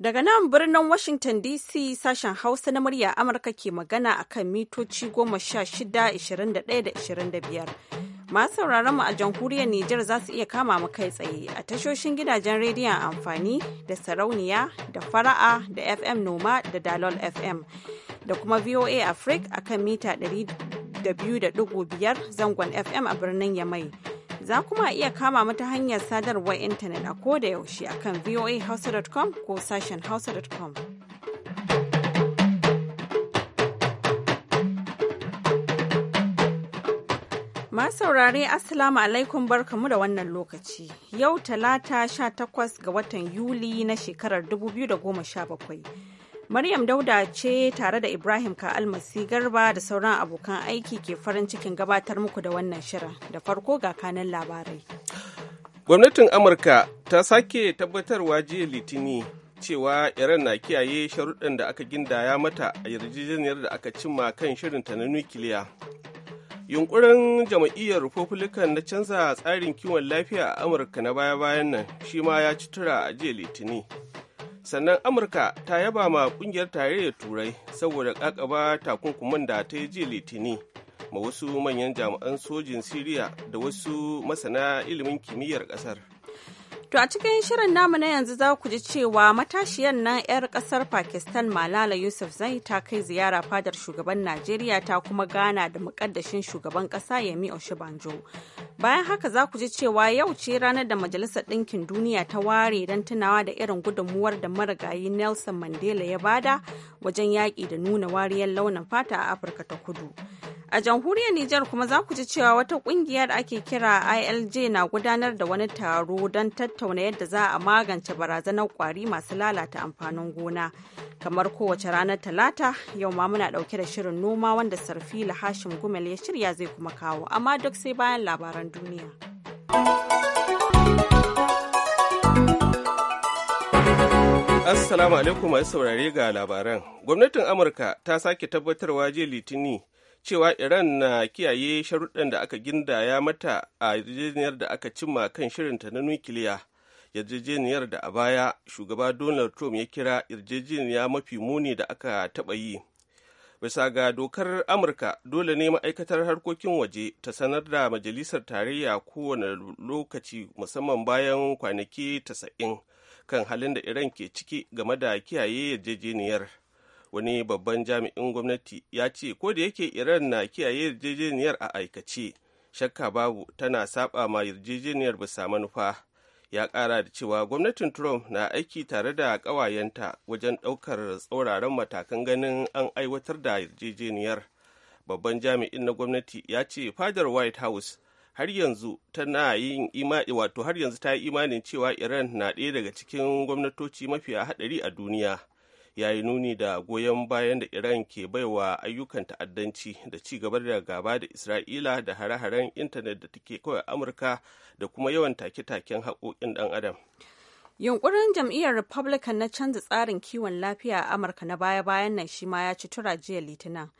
Daga nan birnin Washington DC sashen Hausa na murya Amurka ke magana a kan mitoci 16, 21 da 25. Masu sauraron mu a jamhuriyar Nijar za su iya kama mu kai tsaye a tashoshin gidajen rediyon amfani da sarauniya da fara'a da FM Noma da Dalol FM da kuma VOA Africa a kan mita 102.5 zangon FM a birnin Yamai. Za kuma iya kama mu ta hanyar sadarwar intanet a koda yaushe a akan voahouse.com ko sashen hausa.com. Masaurare saurare Assalamu alaikum barkamu da wannan lokaci. Yau talata 18 ga watan Yuli na shekarar 2017. Maryam Dauda ce tare da Ibrahim Ka'almasi Garba da sauran abokan aiki ke farin cikin gabatar muku da wannan shirin. Da farko ga kanan labarai. Gwamnatin Amurka ta sake tabbatarwa jiya Litini cewa Iran na kiyaye sharuɗan da aka gindaya mata a yarjejeniyar da aka cimma kan shirin ta na nukiliya. Yunkurin jam'iyyar Republican na canza tsarin kiwon lafiya a Amurka na baya-bayan nan shi ma ya ci tura a jiya Litini. sannan amurka ta yaba ma kungiyar tarayyar turai saboda kakaba takunkuman da ta yi jiya litini ma wasu manyan jami'an sojin siriya da wasu masana ilimin kimiyyar kasar To a cikin shirin namu na yanzu za ku ji cewa matashiyar nan 'yar kasar Pakistan Malala Yusuf Zai ta kai ziyara fadar shugaban Najeriya ta kuma gana da mukaddashin shugaban kasa Yemi Oshibanjo. Bayan haka za ku ji cewa yau ce ranar da Majalisar Ɗinkin Duniya ta ware don tunawa da irin gudunmuwar da marigayi Nelson Mandela ya bada wajen yaƙi da nuna wariyar launin fata a Afirka ta Kudu. A jamhuriyar Nijar kuma za ku ji cewa wata kungiya ake kira ILJ na gudanar da wani taro don tattauna yadda za a magance barazanar kwari masu lalata amfanin gona. Kamar kowace ranar Talata, yau ma muna ɗauke da shirin noma wanda sarfi Hashim Gumel ya shirya zai kuma kawo, amma duk sai bayan labaran duniya. Assalamu alaikum masu saurare ga labaran. Gwamnatin Amurka ta sake tabbatarwa jiya litini. cewa iran na kiyaye sharuɗan da aka gindaya mata a yarjejeniyar da aka cimma kan shirinta na nukiliya yarjejeniyar da a baya shugaba donald trump ya kira yarjejeniya mafi muni da aka taɓa yi bisa ga dokar amurka dole ne ma'aikatar harkokin waje ta sanar da majalisar tarayya kowane lokaci musamman bayan kwanaki 90 kan halin da iran ke ciki game da kiyaye yarjejeniyar wani babban jami'in gwamnati ya ce ko da yake iran na kiyaye yarjejeniyar a aikace shakka babu tana saba ma yarjejeniyar bisa manufa ya kara da cewa gwamnatin trump na aiki tare da ƙawayenta wajen ɗaukar tsauraran matakan ganin an aiwatar da yarjejeniyar babban jami'in na gwamnati ya ce fadar white house har yanzu tana yin imani wato har yanzu ta yi imanin cewa iran na ɗaya daga cikin gwamnatoci mafiya haɗari a duniya ya yi nuni da goyon bayan da iran ke baiwa ayyukan ta'addanci da ci gaba da gaba da isra'ila da hare-haren intanet da take kawai amurka da kuma yawan take-taken haƙoƙin ɗan adam yunkurin jam'iyyar republican na canza tsarin kiwon lafiya a amurka na baya-bayan nan shi ma ya ci tura jiya litinin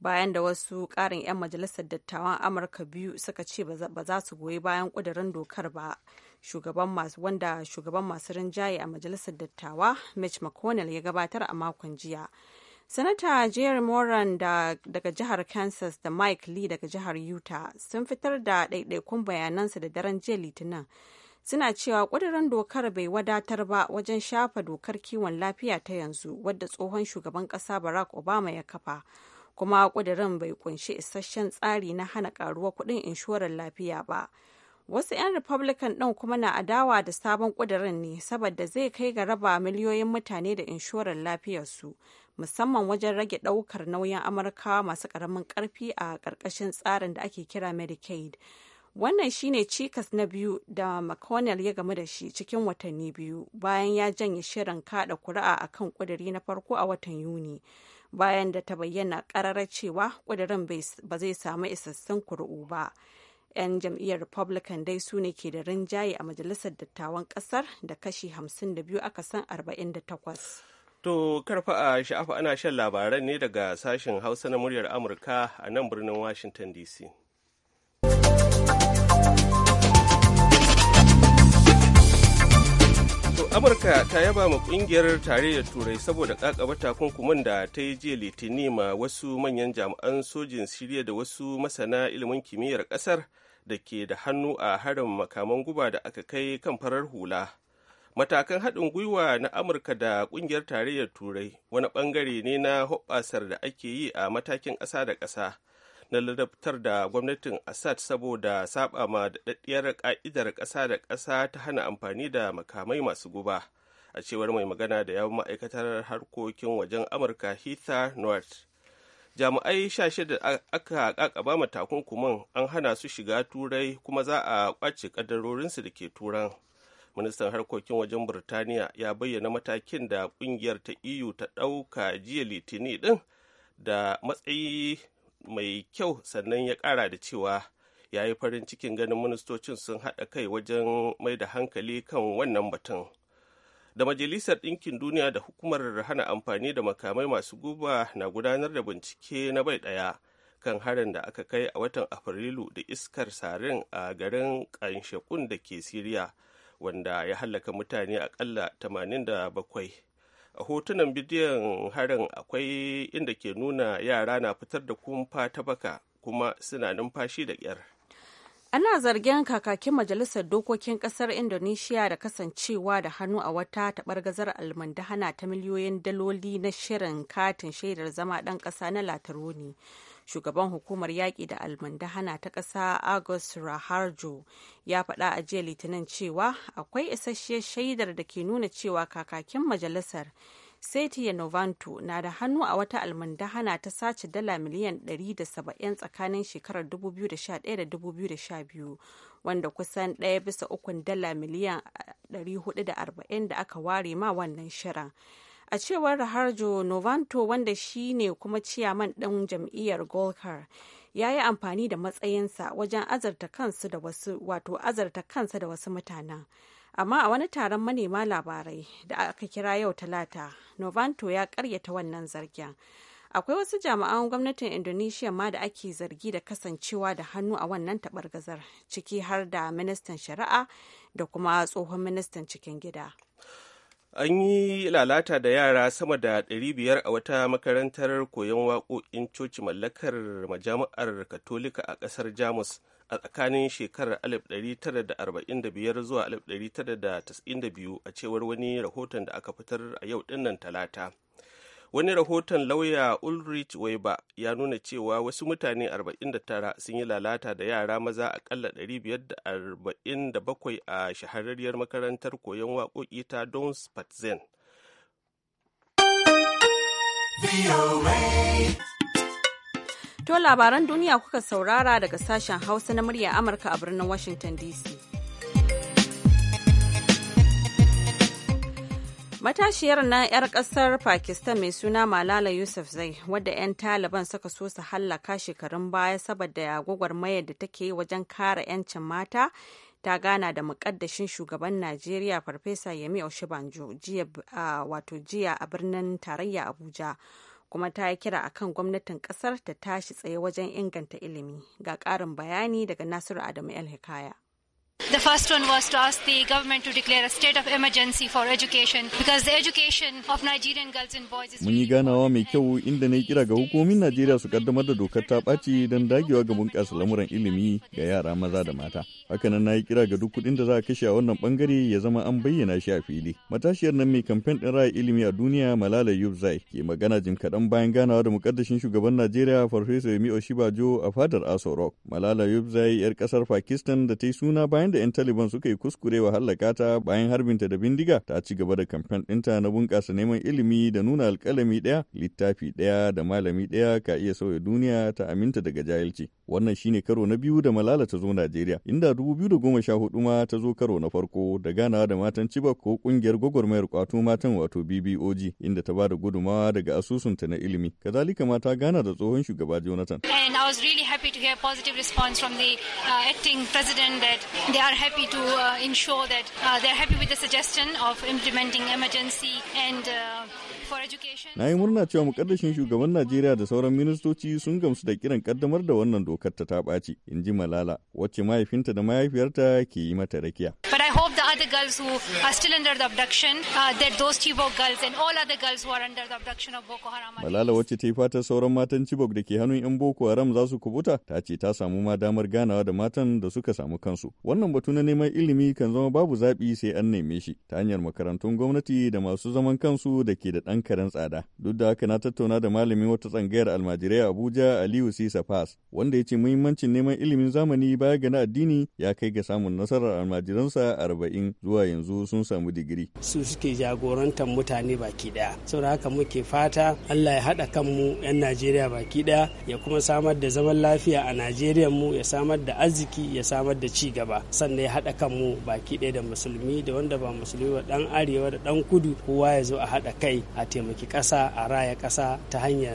bayan da wasu ƙarin 'yan majalisar dattawan amurka biyu suka ce ba za su goyi bayan ƙudurin dokar ba shugaban masu wanda shugaban masu rinjaye a majalisar dattawa mitch mcconnell ya gabatar a makon jiya sanata jerry moran daga jihar kansas da mike lee daga jihar utah sun fitar da ɗaiɗaikun bayanansa da daren jiya litinin suna cewa ƙudurin dokar bai wadatar ba wajen shafa dokar kiwon lafiya ta yanzu wadda tsohon shugaban ƙasa barack obama ya kafa kuma ƙudurin bai kunshi isasshen tsari na hana ƙaruwar kuɗin inshorar lafiya ba wasu 'yan republican ɗin kuma na adawa da sabon ƙudurin ne saboda zai kai ga raba miliyoyin mutane da inshorar lafiyarsu musamman wajen rage ɗaukar nauyin amurkawa masu ƙaramin ƙarfi a ƙarƙashin tsarin da ake kira medicaid wannan shine cikas na biyu da mcconnell ya gamu da shi cikin watanni biyu bayan ya janye shirin kada kuri'a kan ƙuduri na farko a watan yuni bayan da ta bayyana ƙararra cewa ƙudurin ba zai samu isassun kuri'u ba 'yan jam'iyyar republican dai su ne ke da rinjaye a majalisar dattawan kasar da kashi 52 aka san 48 to karfa a sha'afa ana shan labaran ne daga sashen hausa na muryar amurka a nan birnin washington dc To Amurka ta yaba ma kungiyar tarayyar Turai saboda kakaba takunkumin da ta yi jiya litini ma wasu manyan jami'an sojin Siriya da wasu masana ilimin kimiyyar kasar da ke da hannu a harin makaman guba da aka kai kan farar hula. Matakan haɗin gwiwa na Amurka da kungiyar tarayyar Turai wani ɓangare ne na hoɓɓasar da ake yi a matakin ƙasa da ƙasa na ladabtar da gwamnatin assad saboda saba ma daɗaɗɗiyar ka'idar ƙasa da ƙasa ta hana amfani da makamai masu guba a cewar mai magana da yawon ma'aikatar harkokin wajen amurka heather north jami'ai sha shida aka kakaba takunkumin, an hana su shiga turai kuma za a kwace kadarorinsu da ke turan ministan harkokin wajen burtaniya ya bayyana matakin da kungiyar ta eu ta ɗauka jiya Litinin din da matsayi mai kyau sannan ya ƙara da cewa ya yi farin cikin ganin ministocin sun haɗa kai wajen mai da hankali kan wannan batun da majalisar ɗinkin duniya da hukumar hana amfani da makamai masu guba na gudanar da bincike na bai ɗaya kan harin da aka kai a watan afrilu da iskar sarin a garin ƙanshekun da ke siriya wanda ya hallaka mutane akalla 87 a hotunan bidiyon harin akwai inda ke nuna yara na fitar da kumfa ta baka kuma suna numfashi da kyar. ana zargin kakakin majalisar dokokin kasar indonesiya da kasancewa da hannu a wata gazar almandahana ta miliyoyin daloli na shirin katin shaidar zama dan kasa na lataroni shugaban hukumar yaƙi da almundahana ta ƙasa agus raharjo ya faɗa a jiya litinin cewa akwai isasshiyar shaidar da ke nuna cewa kakakin majalisar Setiya Novanto na da hannu a wata almundahana ta sace dala miliyan 170 tsakanin shekarar 2011 da 2012 wanda kusan ɗaya bisa ukun dala miliyan 440 da aka ware ma wannan shirin. a cewar raharjo novanto wanda shi ne kuma ciyaman ɗan jam'iyyar golkar ya yi amfani da matsayinsa wajen azarta kansu da wasu wato azarta kansa da wasu mutanen amma a wani taron manema labarai da aka kira yau talata novanto ya karyata wannan zargin akwai wasu jami'an gwamnatin indonesia ma da ake zargi da kasancewa da hannu a wannan gazar, ciki har da ministan shari'a da kuma tsohon ministan cikin gida an yi lalata da yara sama da 500 a wata makarantar koyon waƙoƙin coci mallakar majami'ar katolika a ƙasar jamus a tsakanin shekarar 1945 zuwa 1992 a cewar wani rahoton da aka fitar a yau dinnan talata wani rahoton lauya ulrich weber ya nuna cewa wasu mutane 49 sun yi lalata da yara maza akalla 547 a shahararriyar makarantar koyon waƙoƙi ta don spatzen To labaran duniya kuka saurara daga sashen hausa na murya amurka a birnin washington dc Matashiyar nan 'yar ƙasar Pakistan mai suna Malala yusuf zai wadda 'yan Taliban suka so su hallaka shekarun baya saboda gwagwarmayar da take wajen kare 'yancin mata ta gana da muƙaddashin shugaban Najeriya Farfesa Yemi Oshibanjo jiya a birnin tarayya Abuja kuma ta yi kira a kan gwamnatin kasar ta tashi tsaye wajen inganta ilimi ga karin bayani daga Nasiru Adamu El Hikaya. The first one was to ask the government to declare a state of emergency for education because the education of Nigerian girls and boys is Mun yi ganawa mai kyau inda na kira ga hukumomin Najeriya su kaddamar da dokar ta ɓaci don dagewa ga bunƙasa lamuran ilimi ga yara maza da mata. Hakanan na yi kira ga duk kuɗin da za a kashe a wannan bangare ya zama an bayyana shi a fili. Matashiyar nan mai kamfen ɗin raya ilimi a duniya Malala yubzai ke magana jim kaɗan bayan ganawa da mukaddashin shugaban Najeriya Farfesa Yemi Oshibajo a fadar Aso Rock. Malala yubzai 'yar ƙasar Pakistan da ta yi suna bayan bayan da 'yan Taliban suka yi kuskure wa hallaka ta bayan harbinta da bindiga ta ci gaba da kamfen dinta na bunƙasa neman ilimi da nuna alƙalami ɗaya, littafi ɗaya da malami ɗaya ka iya sauya duniya ta aminta daga jahilci. Wannan shine karo na biyu da Malala ta zo Najeriya, inda dubu biyu da goma sha hudu ma ta zo karo na farko da ganawa da matan Chibok ko ƙungiyar gwagwarmayar kwato matan wato BBOG, inda ta ba da gudumawa daga asusunta na ilimi. Kazalika ma ta gana da tsohon shugaba Jonathan. And I was really happy to they are happy to uh, ensure that uh, they are happy with the suggestion of implementing emergency and uh, Na yi murna cewa mukaddashin shugaban Najeriya da sauran ministoci sun gamsu da kiran kaddamar da wannan dokar ta ta ɓaci, in ji Malala, wacce mahaifinta da mahaifiyarta ke yi mata rakiya. But I hope other girls who are still under the abduction, uh, that those Chibok girls and all other girls who are under the abduction of Boko Haram. Malala wacce ta yi fata sauran matan Chibok da ke hannun 'yan Boko Haram za su kubuta, ta ce ta samu ma damar ganawa da matan da suka samu kansu. Wannan batu na neman ilimi kan zama babu zaɓi sai an neme shi ta hanyar makarantun gwamnati da masu zaman kansu da ke da ɗan karen tsada. Duk da haka na tattauna da malamin wata tsangayar almajirai Abuja Aliyu Sisa Pass, wanda ya ce muhimmancin neman ilimin zamani baya ga na addini ya kai ga samun nasarar almajiransa arba'in zuwa yanzu sun samu digiri. Su suke jagorantar mutane baki daya. Saboda haka muke fata Allah ya haɗa kanmu 'yan Najeriya baki daya ya kuma samar da zaman lafiya a Najeriya mu ya samar da arziki ya samar da ci gaba sannan ya haɗa kanmu baki daya da musulmi da wanda ba musulmi ba dan arewa da dan kudu kowa ya zo a haɗa kai a taimaki ƙasa a raya ƙasa ta hanyar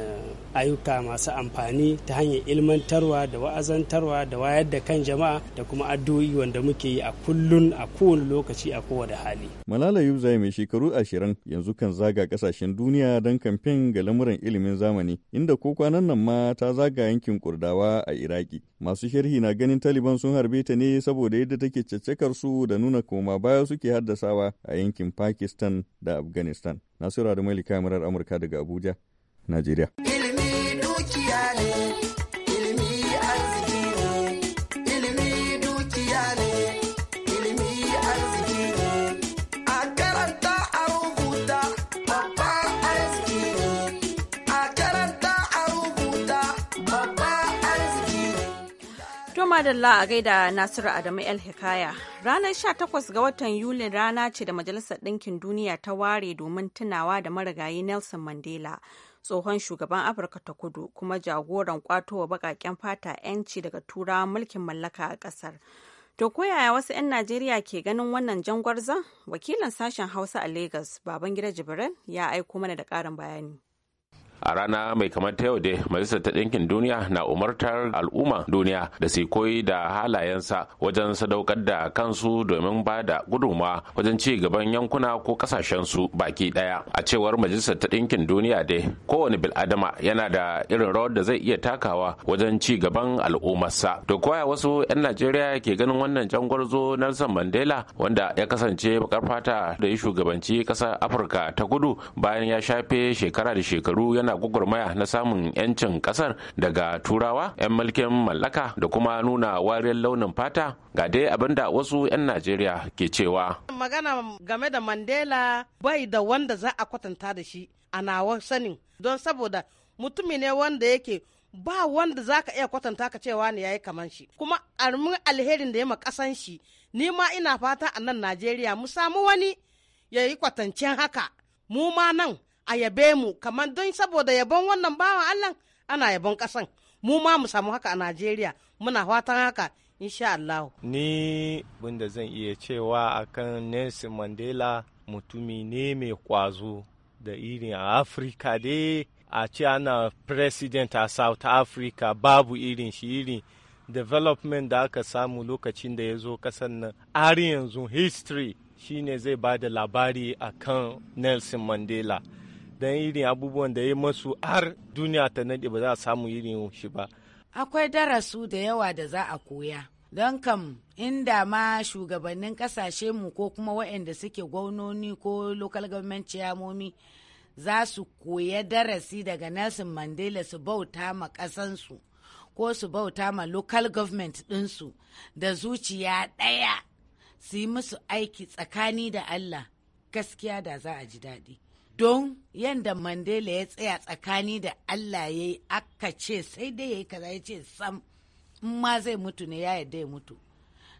ayyuka masu amfani ta hanyar ilmantarwa da wa'azantarwa da wayar da kan jama'a da kuma addu'o'i wanda muke yi a kullun a kowane lokaci a kowane hali. Malala Yuzai mai shekaru ashirin yanzu kan zaga kasashen duniya don kamfen ga lamuran ilimin zamani inda ko kwanan nan ma ta zaga yankin kurdawa a Iraki. Masu sharhi na ganin Taliban sun harbe ta ne saboda yadda take caccakar su da nuna koma baya suke haddasawa a yankin Pakistan da Afghanistan. Nasiru Adamali kamarar Amurka daga Abuja, Najeriya. madalla a gaida Nasiru Adamu El Hikaya. Ranar 18 ga watan Yulin rana ce da Majalisar Ɗinkin Duniya ta ware domin tunawa da marigayi Nelson Mandela, tsohon shugaban Afirka ta kudu kuma jagoran wa baƙaƙen fata 'yanci daga turawan mulkin mallaka a ƙasar. To koyaya wasu 'yan Najeriya ke ganin wannan jan gwarza Wakilin sashen Hausa a Legas, Babangida Jibril, ya aiko mana da ƙarin bayani. a rana mai kamar ta yau dai majalisar ta ɗinkin duniya na umartar al'umma duniya da su koyi da halayensa wajen sadaukar da kansu domin ba da gudunmawa wajen ci gaban yankuna ko kasashensu baki ɗaya a cewar majalisar ta ɗinkin duniya dai kowane bil'adama yana da irin rawar da zai iya takawa wajen ci gaban al'ummarsa to koya wasu 'yan najeriya ke ganin wannan jangwarzo nelson mandela wanda ya kasance bakar fata da ya shugabanci ƙasar afirka ta kudu bayan ya shafe shekara da shekaru yana ana gwagwarmaya na samun 'yancin kasar daga turawa 'yan mulkin mallaka da kuma nuna wariyar launin fata ga dai da wasu 'yan najeriya ke cewa magana game da mandela bai da wanda za a kwatanta da shi a nawa sanin don saboda mutumi ne wanda yake ba wanda za ka iya kwatanta ka cewa ne ya yi kaman shi kuma armin alherin da ya ma kasan shi ni ma ina fata a nan najeriya mu samu wani ya yi kwatancen haka mu ma nan a yabe mu kamar don saboda yabon wannan bawan Allah ana yabon ƙasan mu ma mu samu haka a Najeriya muna fatan haka insha Allah. Ni bunda zan iya cewa akan Nelson Mandela mutumi ne mai kwazo da irin a Afirka dai a ce ana president a South Africa babu irin shi irin development da aka samu lokacin da ya zo kasan nan har yanzu history shine zai ba da labari akan Nelson Mandela. don irin abubuwan da ya masu har duniya ta nade ba za a samu irin shi ba. Akwai darasu da yawa da za a koya. Don kam inda ma shugabannin kasashe mu ko kuma waɗanda suke gwamnoni ko local government ciyamomi za su koya darasi daga Nelson Mandela su bauta ma ƙasansu ko su bauta ma lokal government ɗinsu da zuciya ɗaya su yi musu aiki tsakani da Allah gaskiya da za a ji daɗi. don yadda mandela ya tsaya tsakani da allah ya yi aka ce sai dai ya yi kaza ya ce sam ma zai mutu ne ya yadda ya mutu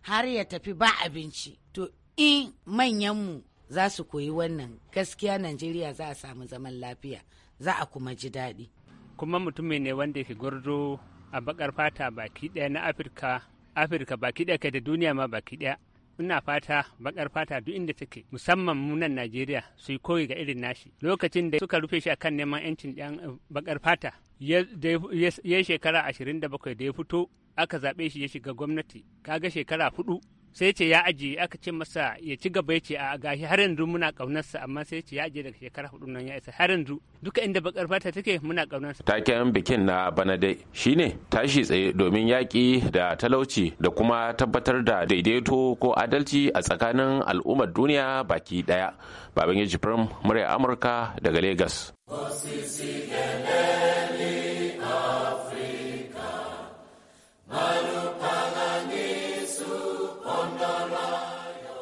har ya tafi ba abinci to in manyanmu za su koyi wannan gaskiya najeriya za a samu zaman lafiya za a kuma ji daɗi kuma mutumin ne wanda ke gurdo a bakar fata baki ɗaya na afirka afirka baki ɗaya kai da duniya ma baki ɗaya ina fata bakar fata duk inda take musamman mu nan Najeriya su yi koyi ga irin nashi lokacin da suka rufe shi a kan neman yancin ɗan eh, bakar fata ya shekara ashirin da da ya fito aka zaɓe shi ya shiga gwamnati kaga shekara hudu sai ce ya aji aka ce masa ya ci gaba ya ce a gashi har yanzu muna kaunarsa amma sai ce ya aje daga shekara hudu nan ya isa har yanzu duka inda bakar fata take muna kaunarsa taken bikin na bana dai shine tashi tsaye domin yaki da talauci da kuma tabbatar da daidaito ko adalci a tsakanin al'ummar duniya baki daya baban yaji firm murya amurka daga lagos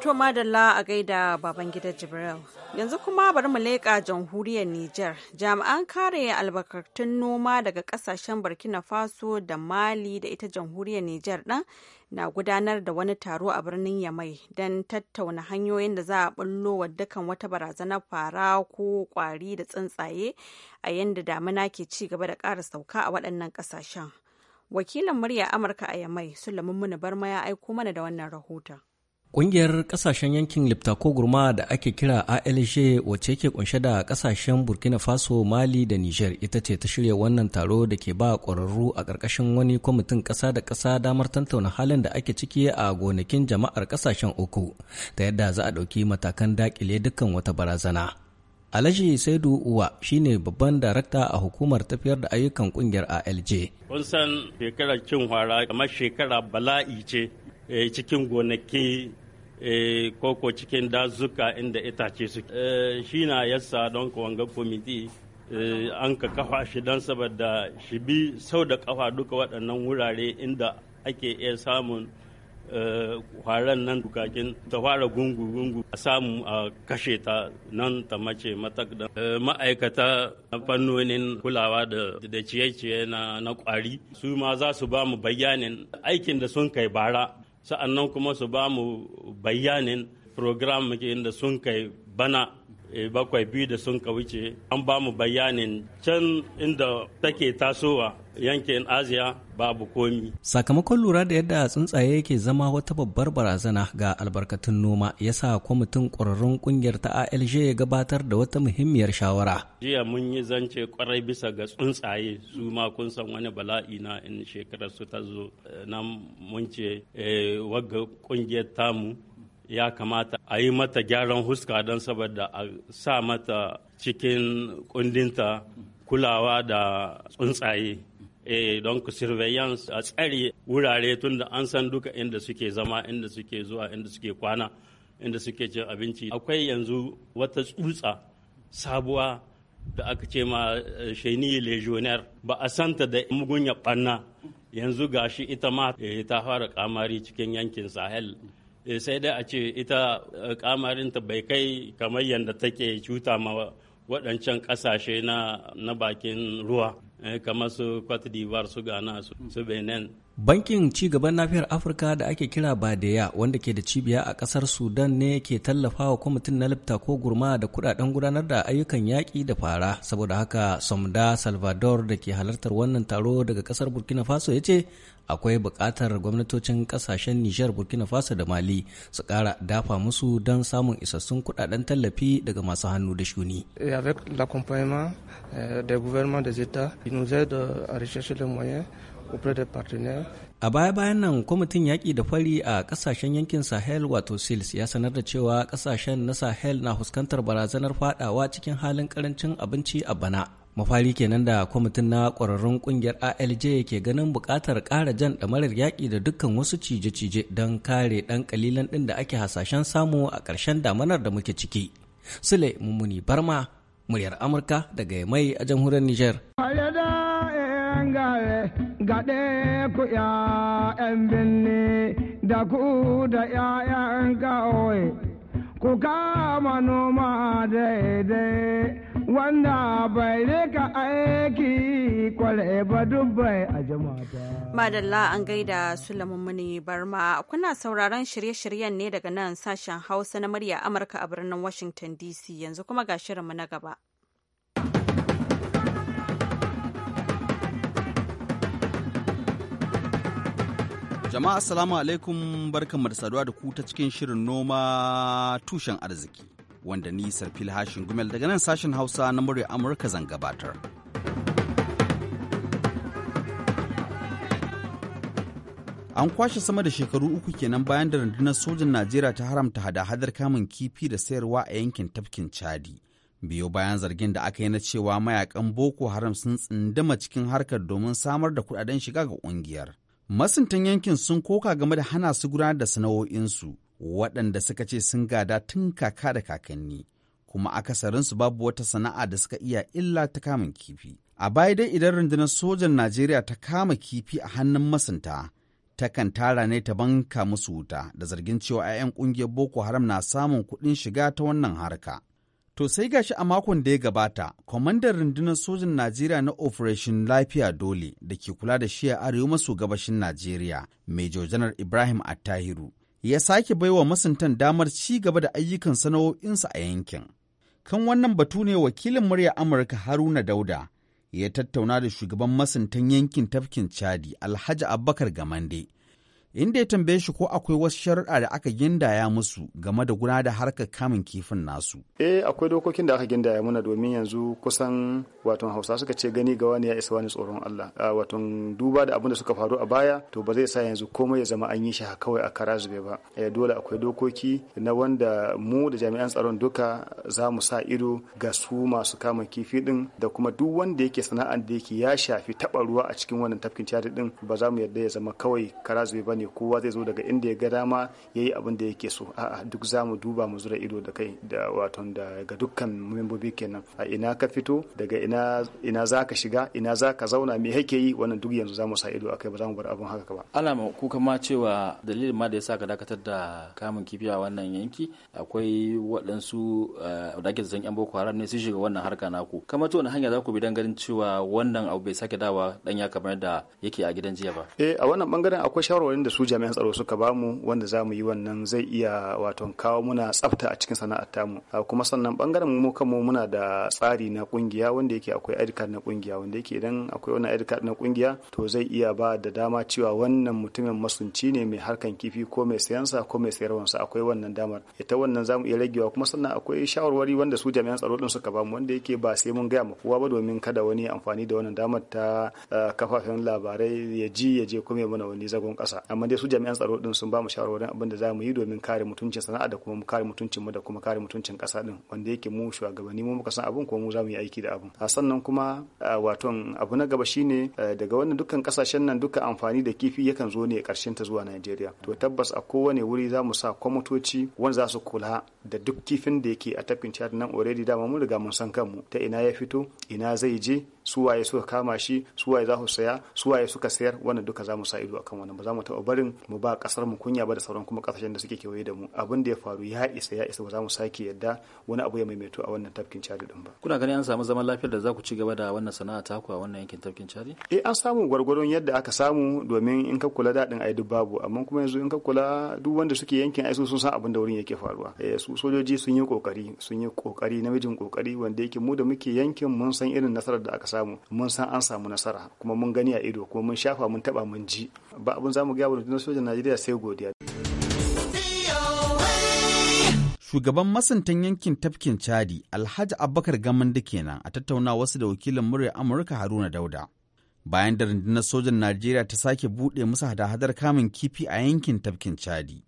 To madalla a gaida baban gida Jibril. Yanzu kuma bari mu leƙa jamhuriyar Nijar. Jami'an kare albarkatun noma daga ƙasashen Burkina Faso da Mali da ita jamhuriyar Nijar ɗin na gudanar da wani taro a birnin Yamai don tattauna hanyoyin da za a bullo wa dukkan wata barazanar fara ko kwari da tsuntsaye a yadda damina ke ci gaba da ƙara sauka a waɗannan ƙasashen. Wakilin murya Amurka a Yamai, Sulaiman Muni Barma ya aiko mana da wannan rahoton. Ƙungiyar ƙasashen yankin Liptako Gurma da ake kira ALG wacce ke kunshe da ƙasashen Burkina Faso, Mali da Nijar ita ce ta shirya wannan taro da ke ba ƙwararru a ƙarƙashin wani kwamitin ƙasa da ƙasa damar tantauna halin da ake ciki a gonakin jama'ar ƙasashen uku ta yadda za a ɗauki matakan daƙile dukkan wata barazana. Alhaji Saidu Uwa shine babban darakta a hukumar tafiyar da ayyukan ƙungiyar ALG. Kun san shekarar cin kamar shekara bala'i ce eh, cikin gonaki koko eh, cikin dazuka inda itace su eh, shi na yasa don wanga komiti eh, an ka kafa shi don saboda shi bi sau da kafa duka waɗannan wurare inda ake iya samun kwaran nan dukakin ta fara gungu-gungu a samu a kashe ta nan ta mace matak ma'aikata fannonin kulawa da ciye-ciye na kwari su ma za su ba mu bayanin aikin da sun kai bara sa'annan kuma su ba mu bayanin program inda sun kai bana Eh, bakwai biyu da sun wuce an ba mu bayanin can inda take tasowa yankin asiya babu komi sakamakon lura da yadda tsuntsaye yake zama wata babbar barazana ga albarkatun noma ya sa kwamitin ƙwararrun ƙungiyar ta alj ya gabatar da wata muhimmiyar shawara jiya mun yi zance kwarai bisa ga tsuntsaye su ma kun san wani bala'i na in shekarar su ta zo eh, nan mun ce eh, wagga ƙungiyar tamu ya kamata a yi mata gyaran huska don saboda a sa mata cikin kundinta kulawa da tsuntsaye eh don ku surveillance a tsare wurare tun da an san duka inda suke zama inda suke zuwa inda suke kwana inda suke cin abinci akwai yanzu wata tsutsa sabuwa da aka ce ma shani eh, legionnaire ba a santa da mugun ɓanna yanzu gashi ita ma eh, ta fara kamari cikin yankin sahel Eh, sai dai a ce ita eh, kamarinta bai kai kamar yadda take cuta ma waɗancan ƙasashe na bakin ruwa eh, kamar su cote d'ivoire su ghana su benin Bankin ci gaban nafiyar Afirka da ake kira Badeya wanda ke da cibiya a ƙasar Sudan ne ke tallafawa kwamitin na lifta ko gurma da kudaden gudanar da ayyukan yaƙi da fara saboda haka Somda Salvador da ke halartar wannan taro daga kasar Burkina Faso ya ce akwai buƙatar gwamnatocin ƙasashen Nijar Burkina Faso da Mali su ƙara dafa musu don samun isassun kudaden tallafi daga masu hannu da shuni. Avec l'accompagnement euh, des gouvernements des États, ils nous aident à rechercher les moyens partner. A baya-bayan nan kwamitin yaƙi da fari a ƙasashen yankin Sahel wato SEALS ya sanar da cewa ƙasashen na Sahel na fuskantar barazanar fadawa cikin halin ƙarancin abinci a bana. Mafari kenan da kwamitin na ƙwararrun ƙungiyar ALJ ke ganin buƙatar ƙara jan ɗamarar yaƙi da dukkan wasu cije-cije don kare ɗan ƙalilan ɗin da ake hasashen samu a ƙarshen damanar da muke ciki. Sule Mummuni Barma, muryar Amurka daga mai a jamhuriyar Nijar. Eh, gaɗe ku ‘ya'yan binne da ku da ‘ya'yan ƙauye, ku kama noma daidai wanda bai rika aiki kwale ba dubbai a jama'ata. Madalla an gaida Sulaiman Barma kuna sauraron shirye-shiryen ne daga nan sashen Hausa na murya Amurka a birnin Washington DC yanzu kuma ga shirinmu na gaba. Jama'a assalamu alaikum barkanmu da saduwa da ku ta cikin shirin noma tushen arziki wanda ni Sarfil Hashin Gumel daga nan sashen Hausa na murya Amurka zan gabatar. An kwashe sama da shekaru uku kenan bayan da rundunar sojan Najeriya ta haramta hada-hadar kamun kifi da sayarwa a yankin tafkin Chadi. Biyo bayan zargin da aka yi na cewa mayakan Boko Haram sun tsindama cikin harkar domin samar da kudaden shiga ga kungiyar. masuntan yankin sun koka game da hana su gudanar da sana'o'insu waɗanda suka ce sun gada tun kaka da kakanni kuma akasarinsu babu wata sana'a da suka iya illa ta kamun kifi a baya dai idan rundunar sojan najeriya ta kama kifi a hannun masunta takan tara ne ta banka musu wuta da zargin cewa 'ya'yan ƙungiyar boko haram na samun kuɗin shiga ta wannan harka To sai gashi a makon da ya gabata, kwamandan rundunar sojin Najeriya na Operation Lafiya Dole da ke kula da shi a arewa maso gabashin Najeriya, Major Janar Ibrahim Attahiru, ya sake baiwa masuntan damar ci gaba da ayyukan sana'o'insa a yankin. Kan wannan batu ne wakilin murya Amurka Haruna Dauda ya tattauna da shugaban masuntan yankin tafkin Chadi Alhaji Abubakar Gamande inda ya tambaye shi ko akwai wasu sharuɗa da aka gindaya musu game da gudanar da harkar kamun kifin nasu. Eh akwai dokokin da aka gindaya muna domin yanzu kusan wato Hausa suka ce gani ga wani ya isa wani tsoron Allah. Ah, wato duba da abin da suka faru a baya to ba zai sa yanzu komai ya zama an yi shi kawai a kara zube ba. Eh dole akwai dokoki na wanda mu da jami'an tsaron duka za mu sa ido ga su masu kamun kifi din da kuma duk wanda yake sana'ar da yake ya shafi taɓa ruwa a cikin wannan tafkin tiyata din ba za mu yarda ya zama kawai kara zube ba ne kowa zai zo daga inda ya ga dama ya yi abin da yake so a'a duk zamu duba mu zura ido da kai da waton daga dukkan membobi kenan a ina ka fito daga ina ina za shiga ina za zauna me hake yi wannan duk yanzu zamu sa ido akai ba zamu bar abin haka ba ana ma kuka ma cewa dalilin ma da yasa ka dakatar da kamun kifi a wannan yanki akwai waɗansu eh, da ake yan boko haram ne sun shiga wannan harka naku kamar to wani hanya za ku bi dan ganin cewa wannan abu bai sake dawa dan ya kamar da yake a gidan jiya ba eh a wannan bangaren akwai shawarwarin da su jami'an tsaro suka bamu wanda za mu yi wannan zai iya wato kawo muna tsafta a cikin sana'ar tamu kuma sannan bangaren mu kanmu muna da tsari na kungiya wanda yake akwai aidikar na kungiya wanda yake idan akwai wannan aidikar na kungiya to zai iya ba da dama cewa wannan mutumin masunci ne mai harkan kifi ko mai sayansa ko mai sayarwansa akwai wannan damar ita wannan za mu iya ragewa kuma sannan akwai shawarwari wanda su jami'an tsaro din suka bamu wanda yake ba sai mun gaya ma kowa ba domin kada wani amfani da wannan damar ta eh, kafafen labarai ya ji ya je kuma ya mana wani zagon kasa amma amma dai su jami'an tsaro din sun ba mu shawarwarin abin da za mu yi domin kare mutuncin sana'a da kuma kare mutuncin mu da kuma kare mutuncin kasa din wanda yake mu shugabanni mu muka san abun ko mu za mu yi aiki da abin a sannan kuma wato abu na gaba shine daga wannan dukkan kasashen nan dukkan amfani da kifi yakan zo ne karshen ta zuwa Najeriya to tabbas a kowane wuri za mu sa kwamitoci wanda za su kula da duk kifin da yake a tafin chat nan already dama mun riga mun san kanmu ta ina ya fito ina zai je su suka kama shi su waye za su saya su suka sayar wannan duka za mu sa ido akan wannan ba za mu taɓa barin mu ba kasar mu kunya ba da sauran kuma kasashen da suke kewaye da mu abin da ya faru ya isa ya isa ba za mu sake yadda wani abu ya maimaito a wannan tafkin cari din ba kuna ganin an samu zaman lafiyar da za ku ci gaba da wannan sana'a taku a wannan yankin tafkin cari eh an samu gwargwaron yadda aka samu domin in ka kula daɗin ai duk babu amma kuma yanzu in ka kula duk wanda suke yankin ai sun san abin da wurin yake faruwa eh su sojoji sun yi kokari sun yi kokari namijin kokari wanda yake mu da muke yankin mun san irin nasarar da aka samu mun san an samu nasara kuma mun gani a ido kuma mun shafa mun taba mun ji ba abun zamu gaya wa sojan Najeriya sai godiya shugaban masantan yankin tafkin chadi alhaji abubakar gaman da kenan a tattauna wasu da wakilin murya amurka haruna dauda bayan da rundunar sojan najeriya ta sake buɗe musu hada-hadar kamun kifi a yankin tafkin chadi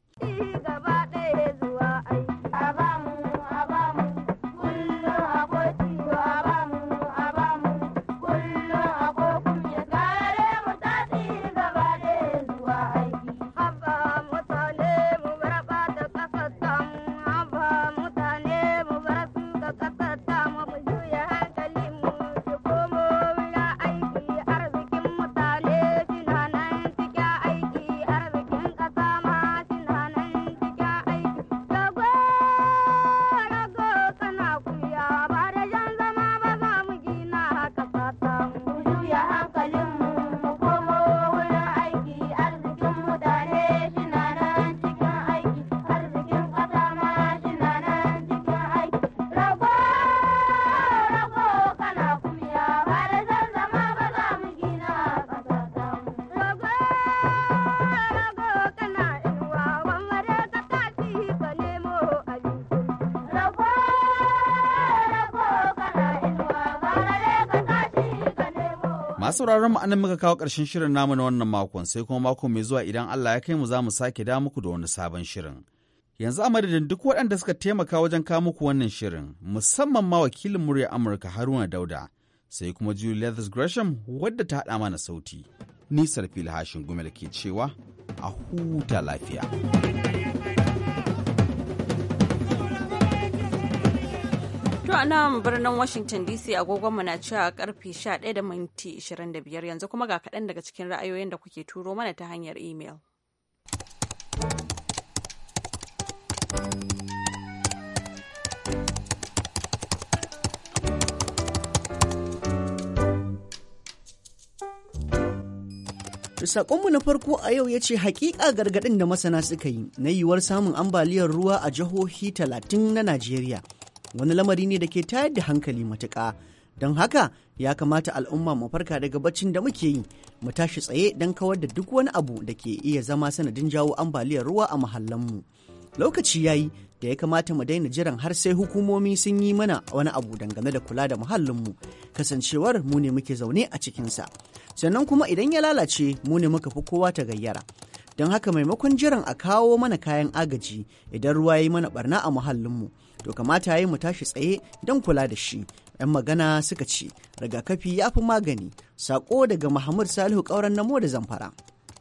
sauraron mu anan muka kawo ƙarshen shirin namu na wannan makon sai kuma mako mai zuwa idan Allah ya kai mu za mu sake da muku da wani sabon shirin. Yanzu a madadin duk waɗanda suka taimaka wajen kawo muku wannan shirin musamman ma wakilin murya Amurka Haruna Dauda sai kuma Julie Leathers Gresham wadda ta haɗa mana sauti. Ni Sarfil Hashin Gumel ke cewa a huta lafiya. To a nan birnin Washington DC agogonmu na cewa karfe 11 da minti 25 yanzu kuma ga kaɗan daga cikin ra'ayoyin da kuke turo mana ta hanyar email. Sakonmu na farko a yau ya ce hakika gargadin da masana suka yi na yiwuwar samun ambaliyar ruwa a jihohi talatin na Najeriya wani lamari ne da ke tayar da hankali matuƙa don haka ya kamata al'umma mu farka daga baccin da muke yi mu tashi tsaye don kawar da duk wani abu da ke iya zama sanadin jawo ambaliyar ruwa a muhallanmu lokaci ya yi da ya kamata mu daina jiran har sai hukumomi sun yi mana wani abu dangane da kula da muhallinmu kasancewar mu ne muke zaune a cikinsa sannan kuma idan ya lalace mu ne muka fi kowa ta gayyara don haka maimakon jiran a kawo mana kayan agaji idan ruwa ya yi mana barna a muhallinmu to kamata ya yi mu tashi tsaye don kula da shi 'yan magana suka ce rigakafi ya fi magani sako daga Muhammad Salihu ƙauren namo da zamfara.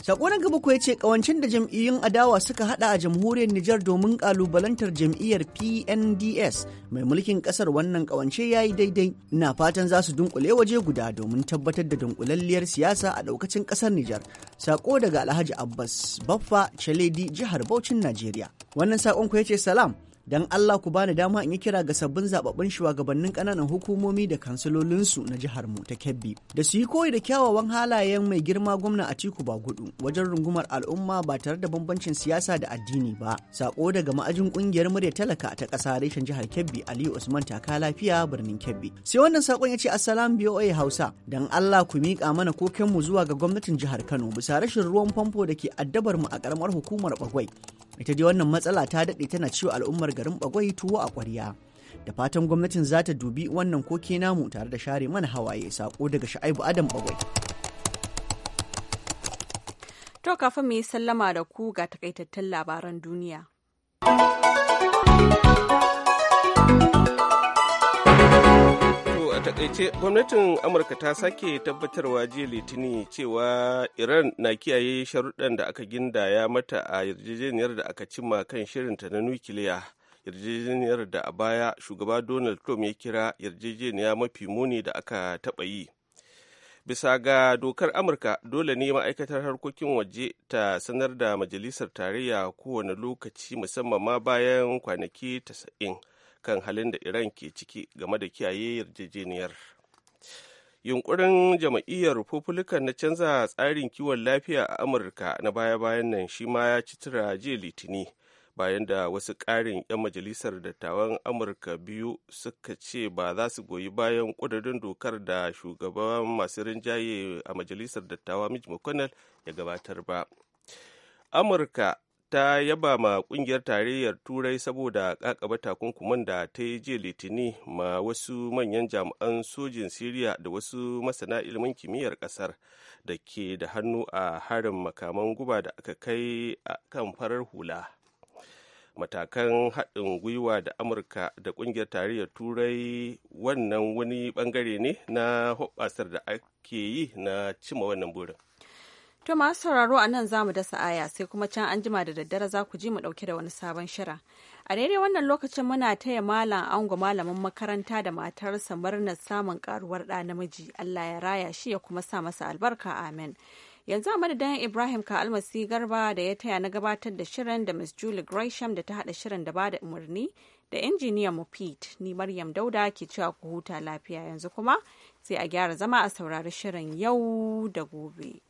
Sako na gaba kuwa ce kawancin da jam'iyyun adawa suka haɗa a jamhuriyar Nijar domin ƙalubalantar jam'iyyar PNDS mai mulkin ƙasar wannan kawance yi daidai. Ina fatan za su dunkule waje guda domin tabbatar da dunkulalliyar siyasa a ɗaukacin ƙasar Nijar. Sako daga Alhaji Abbas Baffa Chaledi jihar Bauchin Najeriya. Wannan sakon ku ce salam don Allah ku bani dama in yi kira ga sabbin zababbin shugabannin kananan hukumomi da kansilolinsu na jihar mu ta Kebbi da su yi koyi da kyawawan halayen mai girma gwamna a Tiku gudu wajen rungumar al'umma ba tare da bambancin siyasa da addini ba sako daga ma'ajin kungiyar murya talaka ta ƙasa reshen jihar Kebbi Aliyu Usman taka lafiya birnin Kebbi sai wannan sakon ya ce assalam BOA Hausa don Allah ku miƙa mana koken zuwa ga gwamnatin jihar Kano bisa rashin ruwan famfo da ke addabar mu a karamar hukumar Bagwai ita dai wannan matsala ta daɗe tana ciwo al'ummar garin bagwai tuwo a ƙwarya da fatan gwamnatin za ta dubi wannan koke namu tare da share mana hawaye sako daga sha'ibu adam bagwai to kafin mu yi sallama da ku ga takaitattun labaran duniya takaice gwamnatin amurka ta sake tabbatarwa jiya litini cewa iran na kiyaye sharuɗan da aka gindaya mata a yarjejeniyar da aka cimma kan shirinta na nukiliya yarjejeniyar da a baya shugaba donald trump ya kira yarjejeniya mafi muni da aka taɓa yi bisa ga dokar amurka dole ne ma'aikatar harkokin waje ta sanar da majalisar tarayya kowane lokaci musamman ma bayan kwanaki 90 kan halin da iran ke ciki game da kiyaye yarjejeniyar yunkurin jam'iyyar republican na canza tsarin kiwon lafiya a amurka na baya-bayan nan shi ma ya ci tura jiya litini bayan da wasu ƙarin 'yan majalisar dattawan amurka biyu suka ce ba za su goyi bayan ƙudurin dokar da shugaban masu rinjaye a majalisar dattawa mitch mcconnell ya gabatar ba amurka ta yaba ma kungiyar tarayyar turai saboda kakaba takunkuman da ta yi jiya litini ma wasu manyan jami'an sojin siriya da wasu masana ilimin kimiyyar kasar da ke da hannu a harin makaman guba da aka kai a kan farar hula matakan haɗin gwiwa da amurka da ƙungiyar tarayyar turai wannan wani ɓangare ne na hoɓɓasar da ake yi na cima wannan burin To masu sauraro a nan za mu dasa aya sai kuma can an jima da daddare za ku ji mu ɗauke da wani sabon shirin. A daidai wannan lokacin muna taya malam ango malamin makaranta da matarsa murnar samun karuwar ɗa namiji. Allah ya raya shi ya kuma sa masa albarka amen. Yanzu a madadin Ibrahim ka almasi garba da ya taya na gabatar da shirin da Miss Julie Gresham da ta haɗa shirin da ba da umarni da injiniya mu ni Maryam Dauda ke cewa ku huta lafiya yanzu kuma sai a gyara zama a saurari shirin yau da gobe.